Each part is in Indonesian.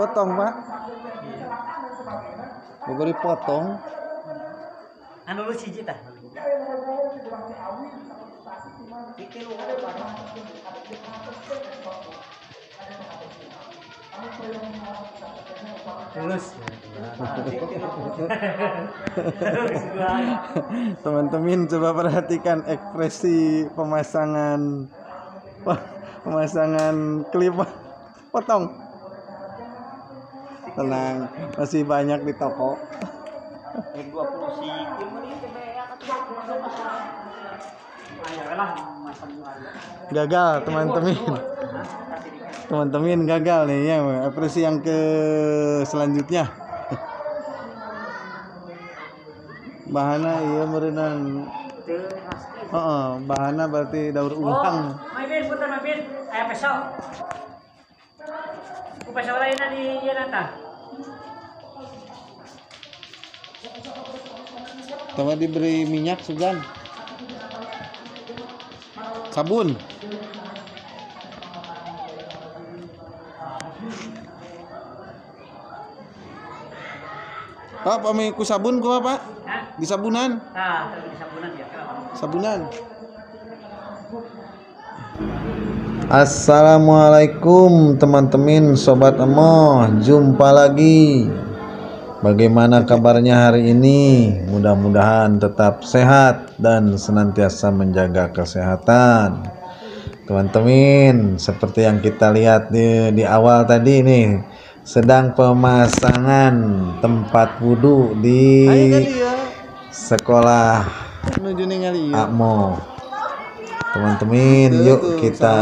potong pak bubur potong anu lu siji tah Teman-teman coba perhatikan ekspresi pemasangan pemasangan klip potong tenang masih banyak di toko dua puluh sih gagal teman-teman teman-teman gagal nih ya apresi yang ke selanjutnya bahana iya merenang oh, bahana berarti daur ulang oh, putar main ayah Kupasawalay na di Yenata? Coba diberi minyak segan. Sabun. Pak, pamai ku sabun gua apa? Di sabunan. Nah, di sabunan ya. Sabunan. Assalamualaikum teman-teman sobat emoh jumpa lagi bagaimana kabarnya hari ini mudah-mudahan tetap sehat dan senantiasa menjaga kesehatan teman-teman seperti yang kita lihat di, di awal tadi ini sedang pemasangan tempat wudhu di ya. sekolah ya. Akmo teman-teman yuk kita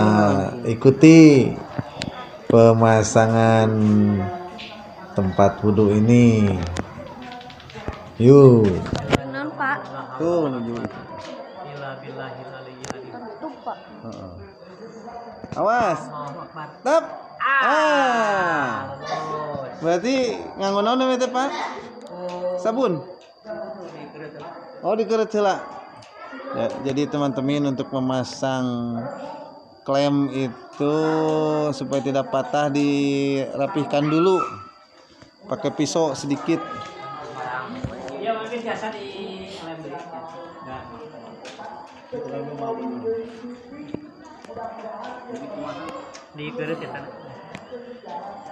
ikuti pemasangan tempat wudhu ini yuk pak tuh pak awas tetap ah berarti nganggo nih namanya pak sabun oh di celak ya, jadi teman-teman untuk memasang klem itu supaya tidak patah dirapihkan dulu pakai pisau sedikit iya, ya. ya,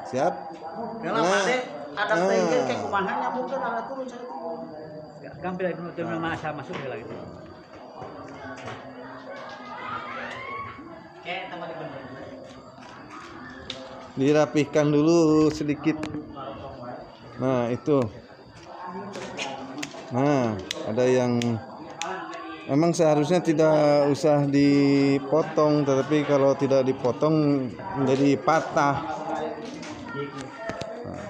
siap ya nah, ada nah. masuk lagi dirapihkan dulu sedikit nah itu nah ada yang memang seharusnya tidak usah dipotong tetapi kalau tidak dipotong menjadi patah nah.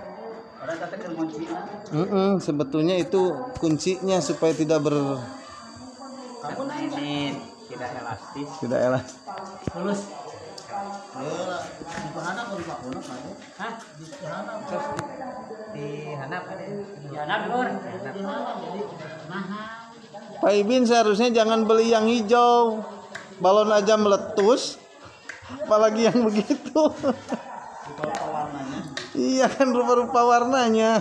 mm -mm, sebetulnya itu kuncinya supaya tidak ber tidak elastis tidak elastis lulus ya? Pak Ibin seharusnya jangan beli yang hijau balon aja meletus apalagi yang begitu iya kan rupa-rupa warnanya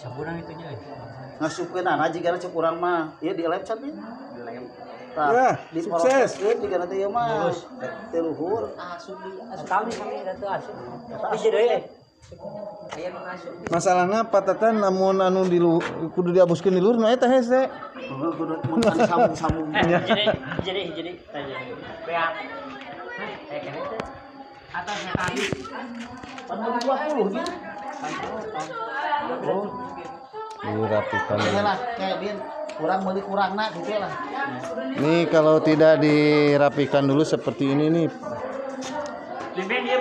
Sekurang itu nya. nah anak jigana sekurang mah. Ieu iya, di lem can iya, Di lem. Tah, ya, di sukses. Ieu jigana teh ieu mah. Teh luhur. Asup di kami kami da teu asup. Bisa deui. Eh. masalahnya patatan namun anu di lu kudu diabuskan di luar nah teh hese anu sambung sambung eh, iya. jadi jadi jadi tanya eh, atasnya tadi 40 gitu Oh. dirapikan iya kurang beli kurang nak gitu lah nih kalau tidak dirapikan dulu seperti ini nih iya,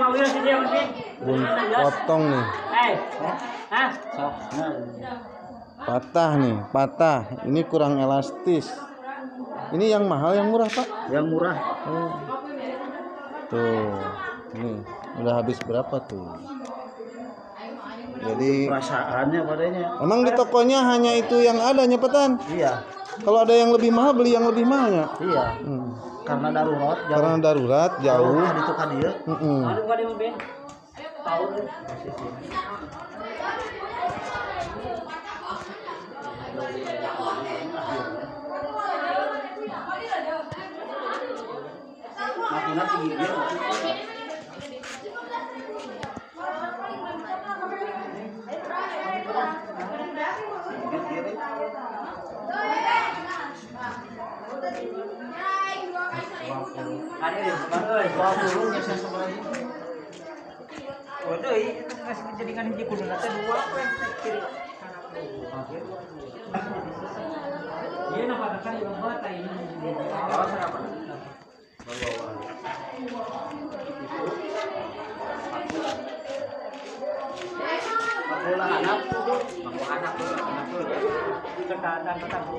Bun potong nih eh, patah nih patah ini kurang elastis ini yang mahal yang murah pak yang murah oh. tuh nih udah habis berapa tuh jadi perasaannya padanya emang di tokonya hanya itu yang ada nyepetan iya kalau ada yang lebih mahal beli yang lebih mahalnya iya hmm. karena darurat jauh. karena darurat jauh di itu kan dia tinggi Waduh, ini kasih kejadian di kudu nanti dua apa yang kiri. Iya, nak yang buat ini. Bawa sarapan. Bawa anak, bawa anak, bawa anak, bawa anak, bawa anak, anak,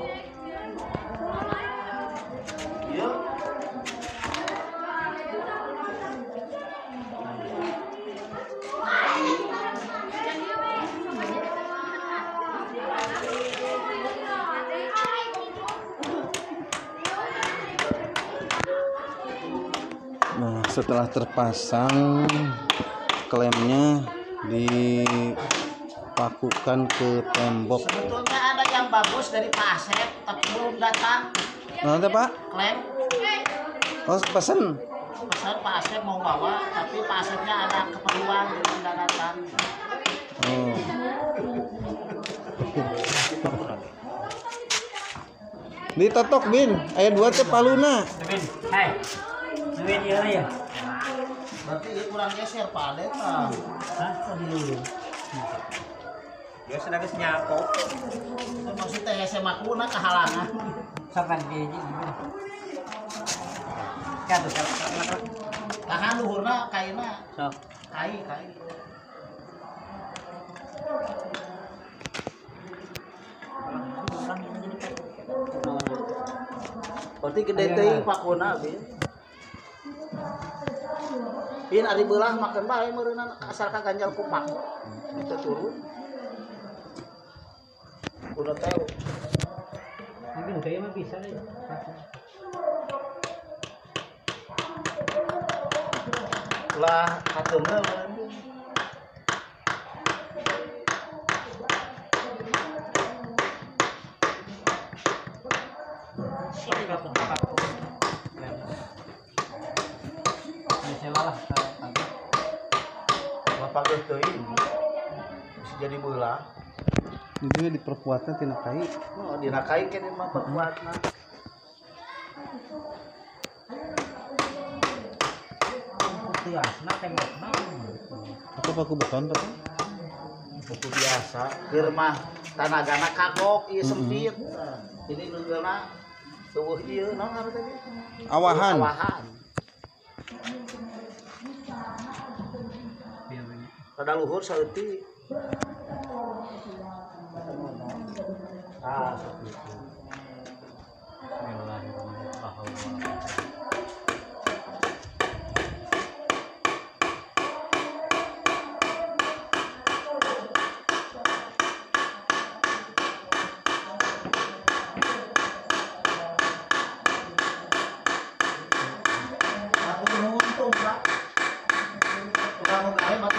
setelah terpasang klemnya dipakukan ke tembok sebetulnya ada yang bagus dari Pak Asep tapi belum datang nanti Pak klem oh pesen pesen Pak Asep mau bawa tapi Pak Asepnya ada keperluan belum datang oh. ditotok bin ayat dua teh paluna bin hai bin ya ya berarti kurang geser padet pak hah dulu ya sudah geus nyapo maksud teh SMA kuna kehalangan sapan dia kadu kalau tahan luhurna kaina sok kai kai Berarti gede teh pakona bin. Ini ada belah makan baik merenang asal ganjal kupak. Itu turun. Udah tahu. Mungkin kayak mah bisa deh. Lah katungnya Terima pakai itu ini bisa jadi bola jadi diperkuatnya tina kai oh tina kai kan ini mah perkuatnya tiasna tembakna apa paku beton pak buku biasa tanah gana kagok iya sempit ini nunggana tubuh iya apa tadi awahan awahan pada luhur sauti ah seperti itu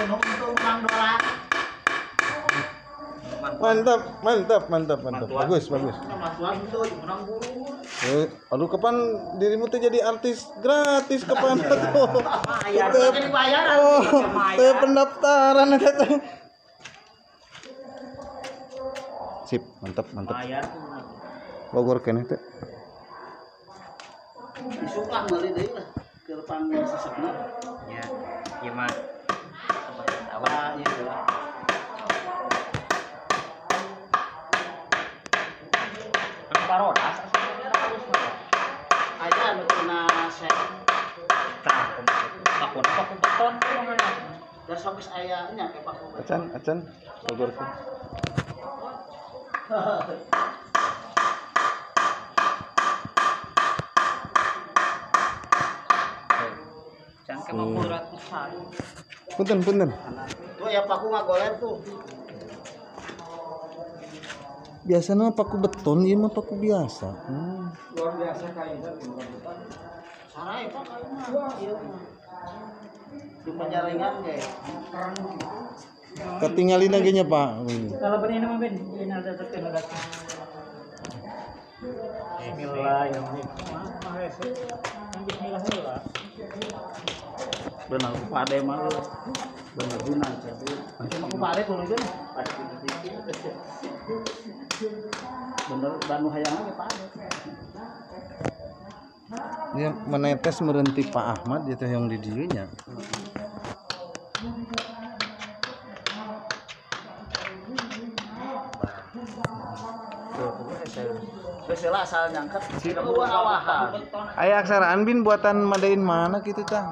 mantap mantap mantap mantap bagus bagus eh, aduh kapan dirimu tuh jadi artis gratis kapan tuh iya. oh. oh, pendaftaran sip mantap mantap Bogor kene teh disuklah balik deh lah ke depan sesepna ya gimana iya, Ya. apa aja lu kena set tah pakun pakun beton dari sokis ke pakun acan acan ukur Jangan kemampuan punten punten tuh ya paku nggak goler tuh biasanya paku beton ini iya mah paku biasa hmm. luar biasa kayu sarai pak kayu mah iya, di penjaringan kayak kerang ya. ketinggalin lagi nya pak kalau benih nama ben ini ada terkenal Bismillahirrahmanirrahim. Bismillahirrahmanirrahim benar pade malu benar guna jadi aku pade kalau gitu benar, dan hayang aja pade dia menetes merenti Pak Ahmad itu yang di diunya Ayah aksara bin buatan Madain mana gitu tang?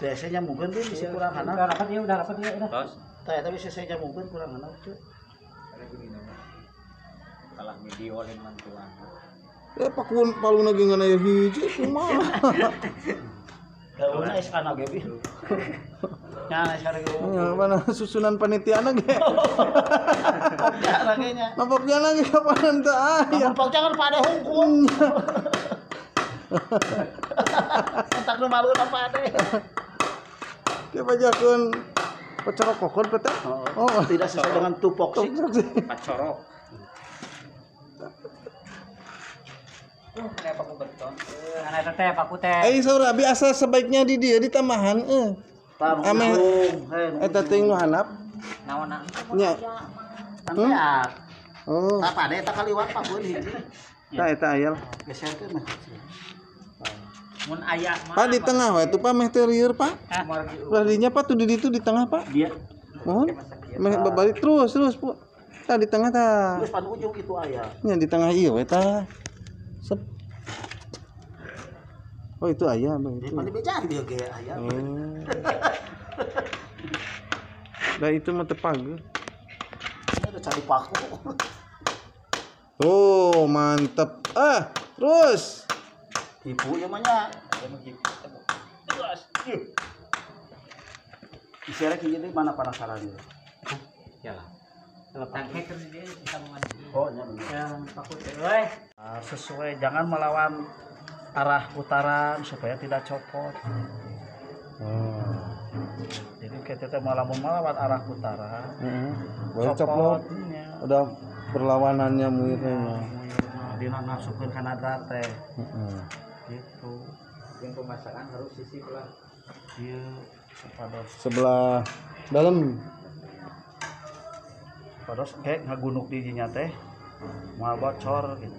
biasanya mungkin dia bisa iya, kurang anak iya, udah rapat ya udah rapat ya udah tapi tapi saya mungkin kurang anak cuy kalah medio oleh mantuan eh pun palu lagi nggak naya hiji cuma kalau es anak gabi Nah, cari mana susunan panitia anak ya nampak dia lagi apa nanti? ah nampak iya. jangan pada hukum Tak lu malu apa deh dia pajakan pacorok kokon peta oh, oh, tidak sesuai dengan tupok sih pacorok Eh, saudara biasa sebaiknya di dia di tamahan eh. Ame eta teuing nu hanap. Naon Nya. Hmm? Oh. Apa deh tak kaliwat Pak Bun hiji. Tah eta aya. Geser teh mah mun ayah mah Pak di tengah wae tuh Pak meh terieur Pak. nya Pak tuh di itu di tengah Pak. Dia. Mohon. Meh babalik terus terus Pak. Tah di tengah tah. Terus pan ujung itu ayah. Nya di tengah ieu iya, wae tah. Sep. Oh itu ayah Pak itu. Pan bejan dia ge ayah. Oh. Dah itu mah tepang. Ini ada cari paku. Oh, mantep. Ah, terus. Ibu ya mana? Isi lagi ini mana penasarannya? Ya lah. Oh, iya, ya, ah, sesuai jangan melawan arah putaran supaya tidak copot. Hmm. Jadi kita malah melawan arah putaran. Hmm. Copot. copot. Iya. Udah perlawanannya muirnya. Dina nasukun kana teh. Hmm itu yang pemasangan harus sisi belah iya sepados sebelah dalam padahal kayak ngagunuk di jinya teh mau bocor gitu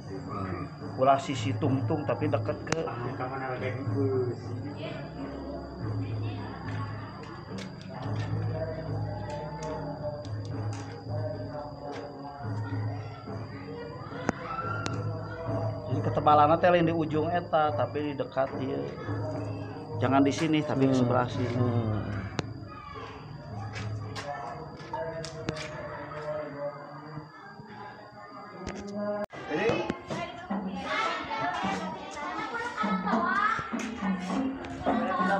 ulah sisi tungtung tapi deket ke ah, kamar ketebalan teh lain di ujung eta tapi di dekat dia jangan di sini tapi hmm. ke sebelah sini hmm. Jadi,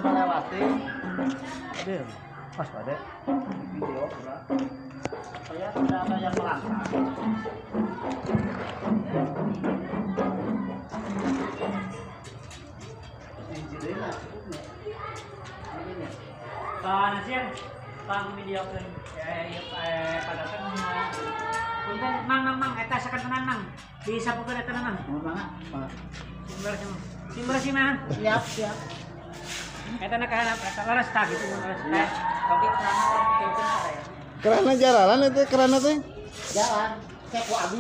melewati Adil, mas pada video saya sudah ada yang melangkah yan. Pang video ko eh, eh, punten mang, mang, mang, eta sa kantunan, mang. Di isa po ka na tanang, mang. Oo, mga. Simbra mang. Siap, siap. Eta nakahanap, eta laras tag, gitu laras tag. Kapit iya. na, Kerana jaranan itu kerana teh? Jalan, cek wabi.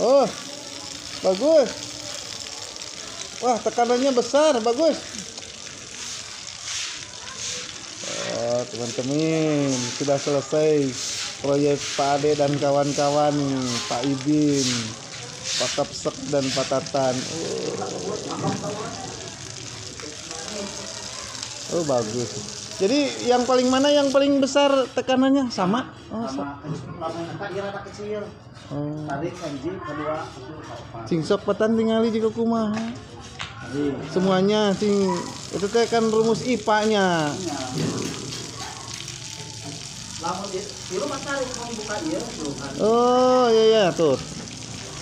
Oh, bagus. Wah, tekanannya besar, bagus. Oh, teman-teman, sudah selesai proyek Pak Ade dan kawan-kawan, Pak Ibin, Pak Kapsek dan Pak Tatan. Oh. oh, bagus. Jadi yang paling mana yang paling besar tekanannya sama? Oh, sama. kecil. Oh. Tadi kanji kedua. Cingsok petan tinggali di kumaha semuanya sing itu teh kan rumus IPA-nya. Oh iya iya tuh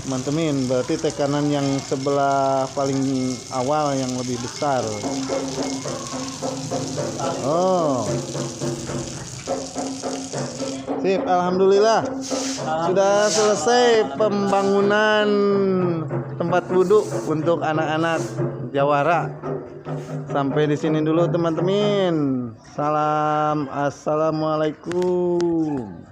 mantemin. berarti tekanan yang sebelah paling awal yang lebih besar oh sip alhamdulillah, alhamdulillah. sudah selesai pembangunan tempat wudhu untuk anak-anak Jawara. Sampai di sini dulu teman-teman. Salam assalamualaikum.